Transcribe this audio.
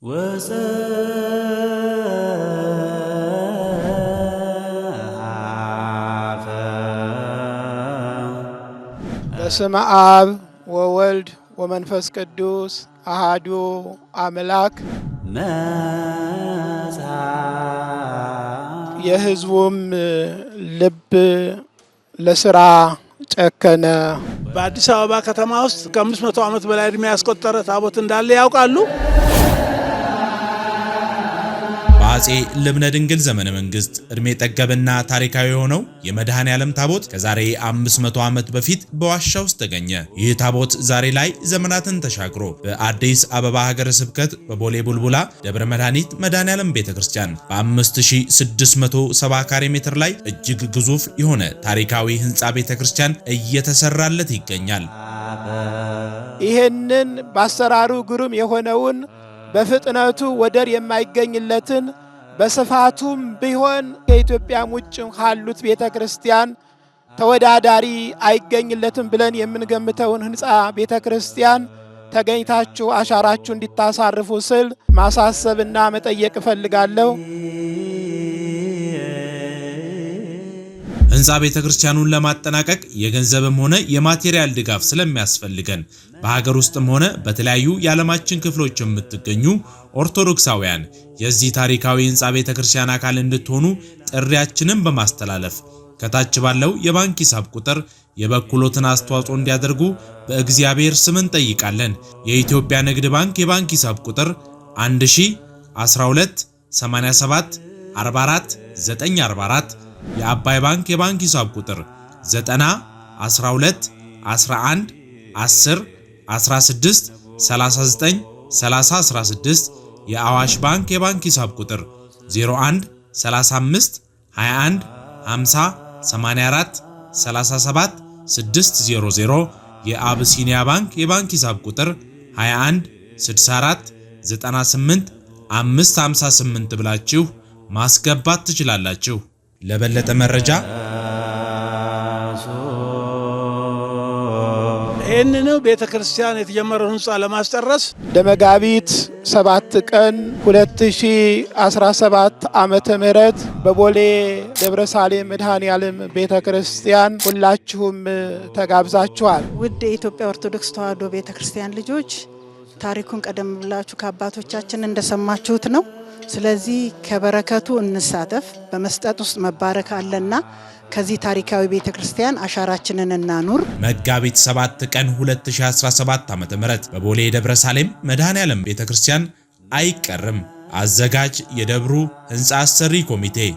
በስመ አብ ወወልድ ወመንፈስ ቅዱስ አሃዱ አምላክ። የሕዝቡም ልብ ለስራ ጨከነ። በአዲስ አበባ ከተማ ውስጥ ከአምስት መቶ ዓመት በላይ ዕድሜ ያስቆጠረ ታቦት እንዳለ ያውቃሉ። በአጼ ልብነ ድንግል ዘመነ መንግስት እድሜ ጠገብና ታሪካዊ የሆነው የመድኃኔ ዓለም ታቦት ከዛሬ 500 ዓመት በፊት በዋሻ ውስጥ ተገኘ። ይህ ታቦት ዛሬ ላይ ዘመናትን ተሻግሮ በአዲስ አበባ ሀገረ ስብከት በቦሌ ቡልቡላ ደብረ መድኃኒት መድኃኔ ዓለም ቤተ ክርስቲያን በ5670 ካሬ ሜትር ላይ እጅግ ግዙፍ የሆነ ታሪካዊ ህንፃ ቤተ ክርስቲያን እየተሰራለት ይገኛል። ይህንን በአሰራሩ ግሩም የሆነውን በፍጥነቱ ወደር የማይገኝለትን በስፋቱም ቢሆን ከኢትዮጵያም ውጭ ካሉት ቤተ ክርስቲያን ተወዳዳሪ አይገኝለትም ብለን የምንገምተውን ህንፃ ቤተ ክርስቲያን ተገኝታችሁ አሻራችሁ እንዲታሳርፉ ስል ማሳሰብና መጠየቅ እፈልጋለሁ። ህንፃ ቤተ ክርስቲያኑን ለማጠናቀቅ የገንዘብም ሆነ የማቴሪያል ድጋፍ ስለሚያስፈልገን በሀገር ውስጥም ሆነ በተለያዩ የዓለማችን ክፍሎች የምትገኙ ኦርቶዶክሳውያን የዚህ ታሪካዊ ህንፃ ቤተ ክርስቲያን አካል እንድትሆኑ ጥሪያችንን በማስተላለፍ ከታች ባለው የባንክ ሂሳብ ቁጥር የበኩሎትን አስተዋጽኦ እንዲያደርጉ በእግዚአብሔር ስም እንጠይቃለን። የኢትዮጵያ ንግድ ባንክ የባንክ ሂሳብ ቁጥር 12 87 44 944 የአባይ ባንክ የባንክ ሂሳብ ቁጥር 90 12 11 10 16 39 30 16 የአዋሽ ባንክ የባንክ ሂሳብ ቁጥር 01 35 21 50 84 37 600 የአብሲኒያ ባንክ የባንክ ሂሳብ ቁጥር 21 64 98 558 ብላችሁ ማስገባት ትችላላችሁ። ለበለጠ መረጃ ይህንን ቤተ ክርስቲያን የተጀመረው ህንፃ ለማስጨረስ ለመጋቢት ሰባት ቀን 2017 ዓመተ ምህረት በቦሌ ደብረሳሌም መድኃኔዓለም ቤተ ክርስቲያን ሁላችሁም ተጋብዛችኋል። ውድ የኢትዮጵያ ኦርቶዶክስ ተዋሕዶ ቤተ ክርስቲያን ልጆች ታሪኩን ቀደም ብላችሁ ከአባቶቻችን እንደሰማችሁት ነው። ስለዚህ ከበረከቱ እንሳተፍ፣ በመስጠት ውስጥ መባረክ አለና ከዚህ ታሪካዊ ቤተ ክርስቲያን አሻራችንን እናኑር። መጋቢት 7 ቀን 2017 ዓ.ም በቦሌ ደብረ ሳሌም መድኃኔዓለም ቤተ ክርስቲያን አይቀርም። አዘጋጅ የደብሩ ሕንፃ አሰሪ ኮሚቴ